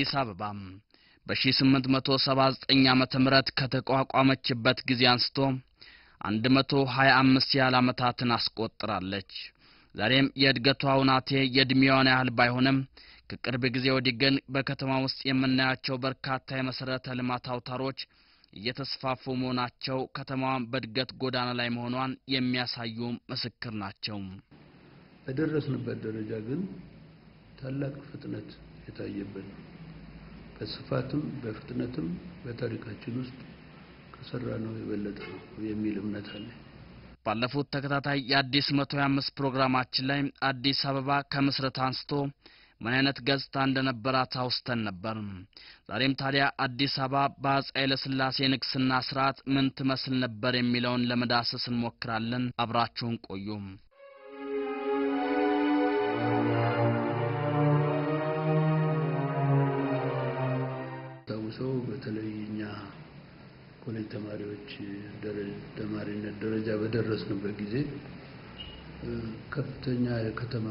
አዲስ አበባ በ1879 ዓመተ ምህረት ከተቋቋመችበት ጊዜ አንስቶ 125 ያህል ዓመታትን አስቆጥራለች። ዛሬም የእድገቷ ውናቴ የዕድሜዋን ያህል ባይሆንም ከቅርብ ጊዜ ወዲህ ግን በከተማ ውስጥ የምናያቸው በርካታ የመሠረተ ልማት አውታሮች እየተስፋፉ መሆናቸው ከተማዋን በእድገት ጎዳና ላይ መሆኗን የሚያሳዩ ምስክር ናቸው። በደረስንበት ደረጃ ግን ታላቅ ፍጥነት የታየበት በስፋትም በፍጥነትም በታሪካችን ውስጥ ከሰራ ነው የበለጠ ነው የሚል እምነት አለ ባለፉት ተከታታይ የአዲስ መቶ አምስት ፕሮግራማችን ላይ አዲስ አበባ ከምስረት አንስቶ ምን አይነት ገጽታ እንደነበራት አውስተን ነበር። ዛሬም ታዲያ አዲስ አበባ በአፄ ኃይለስላሴ ንግስና ስርዓት ምን ትመስል ነበር የሚለውን ለመዳሰስ እንሞክራለን። አብራችሁን ቆዩ። ኮሌጅ ተማሪዎች ተማሪነት ደረጃ በደረስንበት ጊዜ ከፍተኛ የከተማ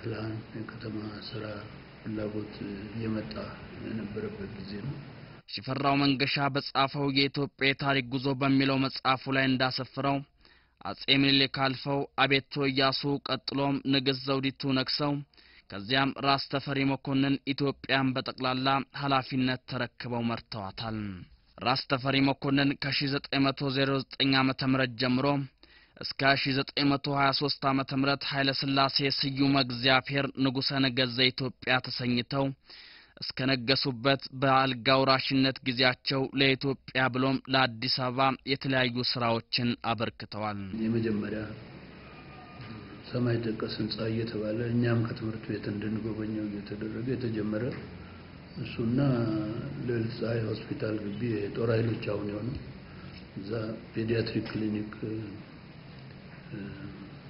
ፕላን የከተማ ስራ ፍላጎት እየመጣ የነበረበት ጊዜ ነው። ሽፈራው መንገሻ በጻፈው የኢትዮጵያ የታሪክ ጉዞ በሚለው መጽሐፉ ላይ እንዳሰፍረው አጼ ምኒልክ አልፈው አቤቶ እያሱ ቀጥሎም ንግሥት ዘውዲቱ ነግሰው ከዚያም ራስ ተፈሪ መኮንን ኢትዮጵያን በጠቅላላ ኃላፊነት ተረክበው መርተዋታል። ራስ ተፈሪ መኮንን ከ1909 ዓ ም ጀምሮ እስከ 1923 ዓ ም ኃይለ ሥላሴ ስዩመ እግዚአብሔር ንጉሠ ነገዘ ኢትዮጵያ ተሰኝተው እስከ ነገሱበት በአልጋ ወራሽነት ጊዜያቸው ለኢትዮጵያ ብሎም ለአዲስ አበባ የተለያዩ ስራዎችን አበርክተዋል። የመጀመሪያ ሰማይ ጠቀስ ህንጻ እየተባለ እኛም ከትምህርት ቤት እንድንጎበኘው እየተደረገ የተጀመረ እሱና ለፀሐይ ሆስፒታል ግቢ የጦር ኃይሎች አሁን የሆነው እዛ ፔዲያትሪክ ክሊኒክ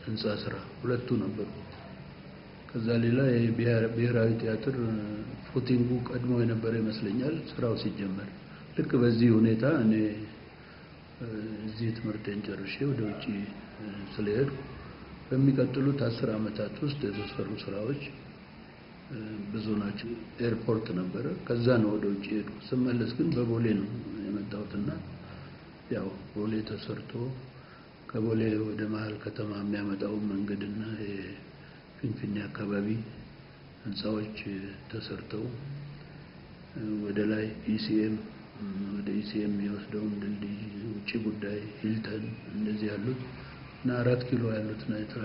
ህንፃ ስራ ሁለቱ ነበሩ። ከዛ ሌላ የብሔራዊ ቲያትር ፉቲንጉ ቀድሞ የነበረ ይመስለኛል ስራው ሲጀመር። ልክ በዚህ ሁኔታ እኔ እዚህ ትምህርቴን ጨርሼ ወደ ውጭ ስለሄድኩ በሚቀጥሉት አስር ዓመታት ውስጥ የተሰሩ ስራዎች ብዙ ናቸው። ኤርፖርት ነበረ። ከዛ ነው ወደ ውጭ ሄዱ። ስመለስ ግን በቦሌ ነው የመጣሁትና ያው ቦሌ ተሰርቶ ከቦሌ ወደ መሀል ከተማ የሚያመጣው መንገድና የፊንፊኔ አካባቢ ህንፃዎች ተሰርተው ወደ ላይ ኢሲኤም ወደ ኢሲኤም የሚወስደውን ድልድይ፣ ውጭ ጉዳይ፣ ሂልተን እንደዚህ ያሉት እና አራት ኪሎ ያሉት ናይትራ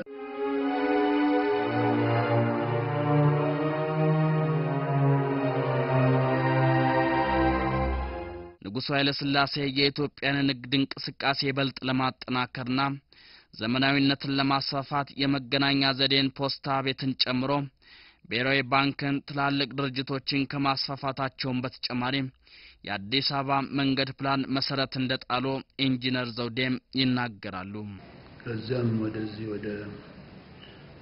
ንጉሡ ኃይለሥላሴ የኢትዮጵያን ንግድ እንቅስቃሴ ይበልጥ ለማጠናከርና ዘመናዊነትን ለማስፋፋት የመገናኛ ዘዴን፣ ፖስታ ቤትን ጨምሮ ብሔራዊ ባንክን፣ ትላልቅ ድርጅቶችን ከማስፋፋታቸውን በተጨማሪ የአዲስ አበባ መንገድ ፕላን መሰረት እንደጣሉ ኢንጂነር ዘውዴም ይናገራሉ። ከዚያም ወደዚህ ወደ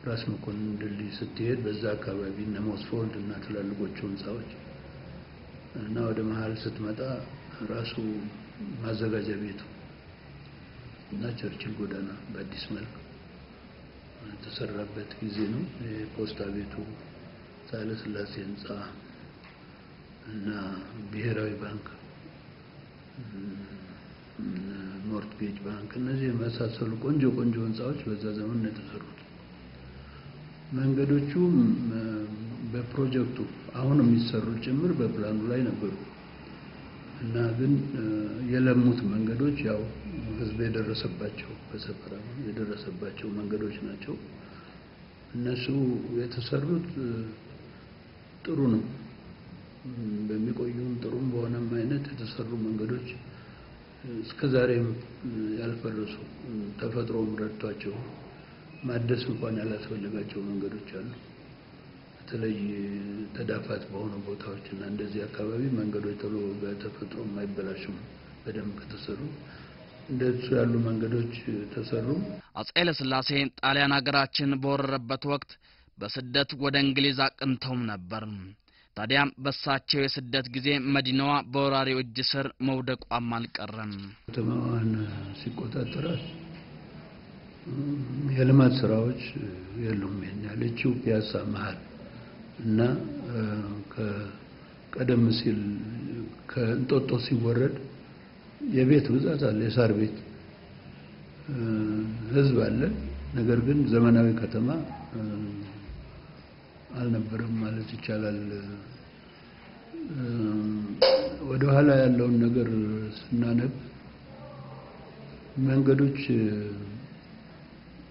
ራስ መኮንን ድልድይ ስትሄድ በዛ አካባቢ እነ ሞስፎልድ እና ትላልቆቹ ህንፃዎች እና ወደ መሀል ስትመጣ ራሱ ማዘጋጃ ቤቱ እና ቸርችል ጎዳና በአዲስ መልክ የተሰራበት ጊዜ ነው። የፖስታ ቤቱ ስላሴ ህንፃ እና ብሔራዊ ባንክ፣ ሞርትጌጅ ባንክ እነዚህ የመሳሰሉ ቆንጆ ቆንጆ ህንፃዎች በዛ ዘመን ነው የተሰሩት። መንገዶቹ በፕሮጀክቱ አሁን የሚሰሩት ጭምር በፕላኑ ላይ ነበሩ። እና ግን የለሙት መንገዶች ያው ህዝብ የደረሰባቸው በሰፈራ የደረሰባቸው መንገዶች ናቸው። እነሱ የተሰሩት ጥሩ ነው። በሚቆዩም ጥሩም በሆነም አይነት የተሰሩ መንገዶች እስከዛሬም ያልፈረሱ ተፈጥሮም ረድቷቸው ማደስ እንኳን ያላስፈለጋቸው መንገዶች አሉ። በተለይ ተዳፋት በሆኑ ቦታዎች እና እንደዚህ አካባቢ መንገዶች ቶሎ በተፈጥሮ የማይበላሹም በደንብ ከተሰሩ እንደሱ ያሉ መንገዶች ተሰሩ። አጼ ኃይለሥላሴ ጣሊያን ሀገራችን በወረረበት ወቅት በስደት ወደ እንግሊዝ አቅንተውም ነበር። ታዲያም በሳቸው የስደት ጊዜ መዲናዋ በወራሪው እጅ ስር መውደቋም አልቀረም። ከተማዋን ሲቆጣጠራት የልማት ስራዎች የሉም። ያለችው ፒያሳ መሀል እና ቀደም ሲል ከእንጦጦ ሲወረድ የቤት ብዛት አለ፣ የሳር ቤት ህዝብ አለ። ነገር ግን ዘመናዊ ከተማ አልነበረም ማለት ይቻላል። ወደ ኋላ ያለውን ነገር ስናነብ መንገዶች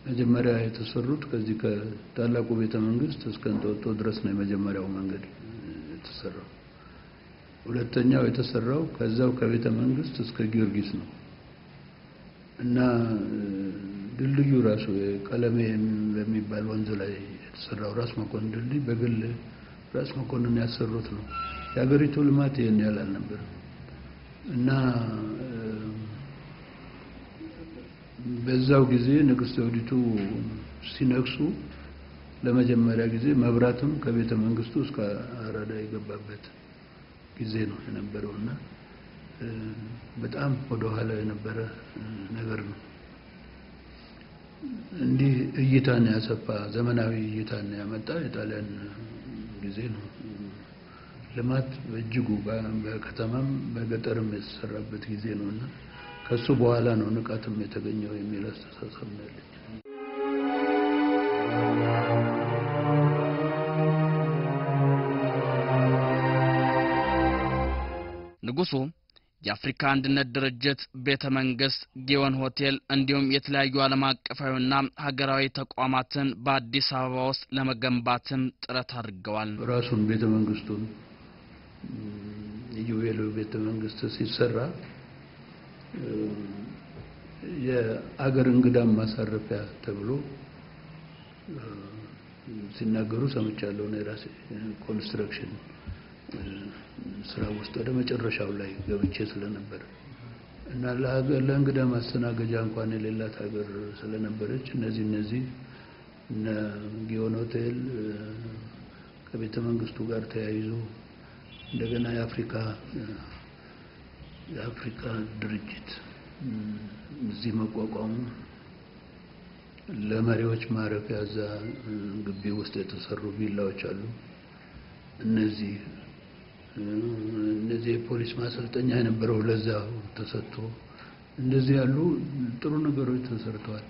መጀመሪያ የተሰሩት ከዚህ ከታላቁ ቤተ መንግስት እስከ እንጦጦ ድረስ ነው የመጀመሪያው መንገድ የተሰራው። ሁለተኛው የተሰራው ከዛው ከቤተ መንግስት እስከ ጊዮርጊስ ነው እና ድልድዩ ራሱ ቀለሜ በሚባል ወንዝ ላይ የተሰራው ራስ መኮንን ድልድይ በግል ራስ መኮንን ያሰሩት ነው። የሀገሪቱ ልማት ይህን ያህል አልነበረም እና በዛው ጊዜ ንግስት ዘውዲቱ ሲነግሱ ለመጀመሪያ ጊዜ መብራትም ከቤተ መንግስቱ እስከ አራዳ የገባበት ጊዜ ነው የነበረው እና በጣም ወደኋላ የነበረ ነገር ነው። እንዲህ እይታን ያሰፋ ዘመናዊ እይታን ያመጣ የጣሊያን ጊዜ ነው። ልማት በእጅጉ በከተማም በገጠርም የተሰራበት ጊዜ ነው እና ከሱ በኋላ ነው ንቃትም የተገኘው የሚል አስተሳሰብ ነው ያለኝ። ንጉሱ የአፍሪካ አንድነት ድርጅት ቤተ መንግስት፣ ጊዮን ሆቴል እንዲሁም የተለያዩ ዓለም አቀፋዊና ሀገራዊ ተቋማትን በአዲስ አበባ ውስጥ ለመገንባትም ጥረት አድርገዋል። ራሱን ቤተ መንግስቱን ኢዮቤልዩ ቤተ መንግስት ሲሰራ የአገር እንግዳም ማሳረፊያ ተብሎ ሲናገሩ ሰምቻለሁ። እኔ ራሴ ኮንስትራክሽን ስራ ውስጥ ወደ መጨረሻው ላይ ገብቼ ስለነበረ እና ለሀገር ለእንግዳ ማስተናገጃ እንኳን የሌላት ሀገር ስለነበረች እነዚህ እነዚህ እነ ጊዮን ሆቴል ከቤተ መንግስቱ ጋር ተያይዞ እንደገና የአፍሪካ የአፍሪካ ድርጅት እዚህ መቋቋሙ ለመሪዎች ማረፊያ እዛ ግቢ ውስጥ የተሰሩ ቪላዎች አሉ። እነዚህ እነዚህ የፖሊስ ማሰልጠኛ የነበረው ለዛ ተሰጥቶ እንደዚህ ያሉ ጥሩ ነገሮች ተሰርተዋል።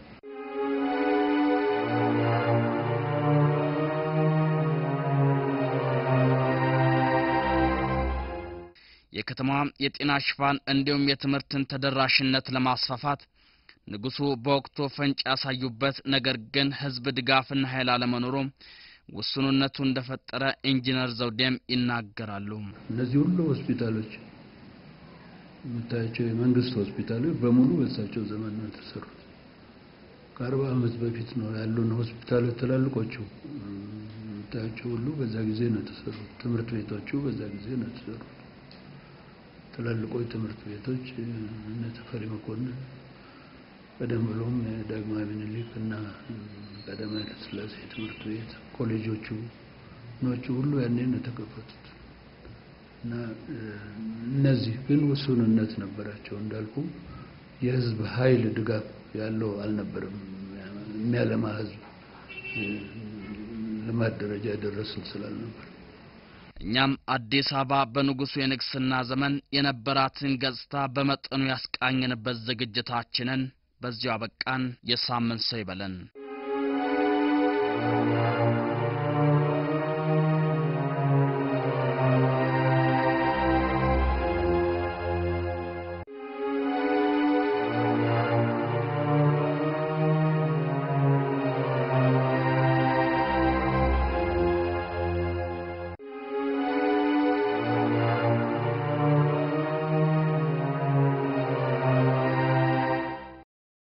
ከተማ የጤና ሽፋን እንዲሁም የትምህርትን ተደራሽነት ለማስፋፋት ንጉሱ በወቅቱ ፈንጭ ያሳዩበት፣ ነገር ግን ህዝብ ድጋፍና ኃይል አለመኖሩ ውስኑነቱ እንደፈጠረ ኢንጂነር ዘውዴም ይናገራሉ። እነዚህ ሁሉ ሆስፒታሎች የምታያቸው የመንግስት ሆስፒታሎች በሙሉ በሳቸው ዘመን ነው የተሰሩት። ከአርባ ዓመት በፊት ነው ያሉን ሆስፒታሎች ትላልቆቹ የምታያቸው ሁሉ በዛ ጊዜ ነው የተሰሩት። ትምህርት ቤቶቹ በዛ ጊዜ ነው የተሰሩት። ትላልቆች ትምህርት ቤቶች እነ ተፈሪ መኮንን ቀደም ብሎም ዳግማዊ ምኒልክ እና ቀዳማዊ ኃይለ ሥላሴ ትምህርት ቤት ኮሌጆቹ ኖቹ ሁሉ ያኔ ነው የተከፈቱት እና እነዚህ ግን ውሱንነት ነበራቸው። እንዳልኩ የህዝብ ኃይል ድጋፍ ያለው አልነበረም። የሚያለማ ህዝብ ልማት ደረጃ ደረስን ስላልነበር እኛም አዲስ አበባ በንጉሱ የንግስና ዘመን የነበራትን ገጽታ በመጠኑ ያስቃኝንበት ዝግጅታችንን በዚያው አበቃን። የሳምንት ሰው ይበለን።